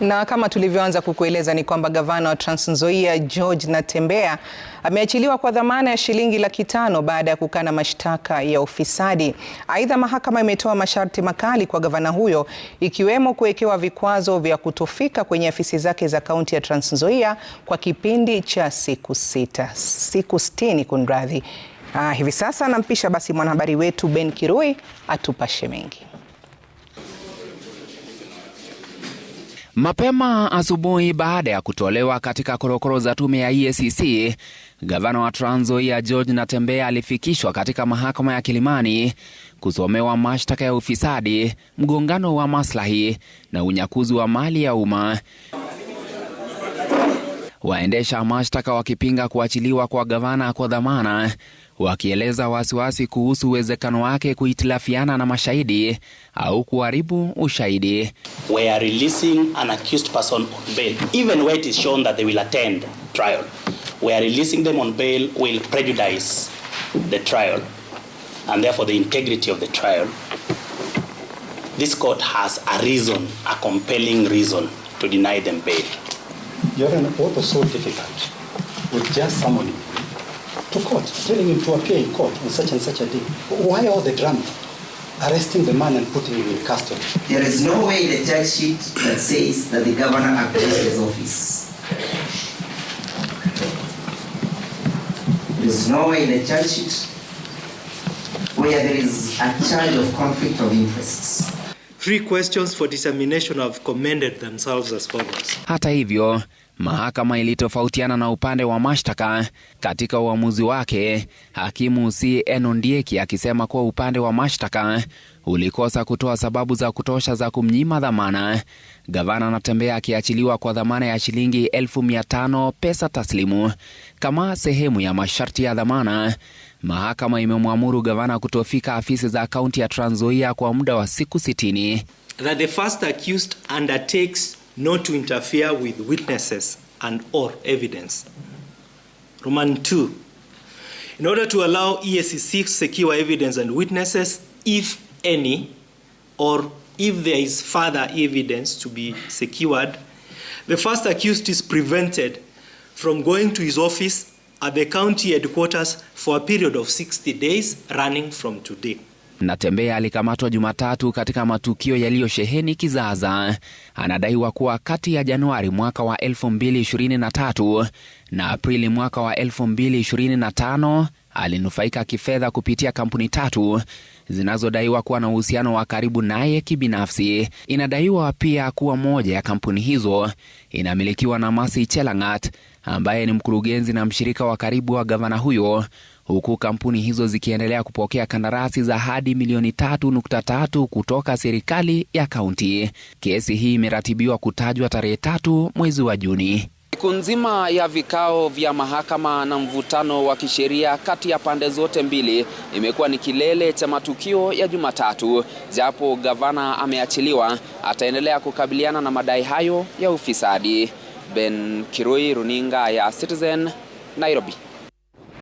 Na kama tulivyoanza kukueleza ni kwamba gavana wa Trans Nzoia George Natembeya ameachiliwa kwa dhamana ya shilingi laki tano baada ya kukana mashtaka ya ufisadi. Aidha, mahakama imetoa masharti makali kwa gavana huyo ikiwemo kuwekewa vikwazo vya kutofika kwenye afisi zake za kaunti ya Trans Nzoia kwa kipindi cha siku sita, siku sitini kunradhi. Ah, hivi sasa nampisha basi mwanahabari wetu Ben Kirui atupashe mengi. Mapema asubuhi baada ya kutolewa katika korokoro za tume ya EACC, gavana wa Trans Nzoia George Natembeya alifikishwa katika mahakama ya Kilimani kusomewa mashtaka ya ufisadi, mgongano wa maslahi na unyakuzi wa mali ya umma waendesha mashtaka wakipinga kuachiliwa kwa gavana kwa dhamana, wakieleza wasiwasi kuhusu uwezekano wake kuhitilafiana na mashahidi au kuharibu ushahidi. We are releasing an accused person on bail even it is shown that they will attend trial. We are releasing them on bail will prejudice the trial and therefore the integrity of the trial. This court has a reason, a compelling reason to deny them bail. you're an author so difficult with just summoning him to court, telling him to appear in court on such and such a day. Why all the drama? Arresting the man and putting him in custody. There is no way in the charge sheet that says that the governor abused his office. There is no way in the charge sheet where there is a charge of conflict of interests. Three questions for dissemination have commended themselves as follows. Hata hivyo, mahakama ilitofautiana na upande wa mashtaka katika uamuzi wake, hakimu C. Enondieki akisema kuwa upande wa mashtaka ulikosa kutoa sababu za kutosha za kumnyima dhamana. Gavana Natembeya akiachiliwa kwa dhamana ya shilingi elfu mia tano pesa taslimu kama sehemu ya masharti ya dhamana Mahakama imemwamuru gavana kutofika afisi za kaunti ya Trans Nzoia kwa muda wa siku sitini. That the first accused undertakes not to interfere with witnesses and or evidence. Roman 2. In order to allow EACC secure evidence and witnesses if any or if there is further evidence to be secured, the first accused is prevented from going to his office at the county headquarters for a period of 60 days running from today. Natembeya alikamatwa Jumatatu katika matukio yaliyosheheni kizaza. Anadaiwa kuwa kati ya Januari mwaka wa 2023 na Aprili mwaka wa 2025 alinufaika kifedha kupitia kampuni tatu zinazodaiwa kuwa na uhusiano wa karibu naye kibinafsi. Inadaiwa pia kuwa moja ya kampuni hizo inamilikiwa na Masi Chelangat ambaye ni mkurugenzi na mshirika wa karibu wa gavana huyo, huku kampuni hizo zikiendelea kupokea kandarasi za hadi milioni 3.3 kutoka serikali ya kaunti. Kesi hii imeratibiwa kutajwa tarehe tatu mwezi wa Juni. Siku nzima ya vikao vya mahakama na mvutano wa kisheria kati ya pande zote mbili imekuwa ni kilele cha matukio ya Jumatatu. Japo gavana ameachiliwa, ataendelea kukabiliana na madai hayo ya ufisadi. Ben Kirui, runinga ya Citizen, Nairobi.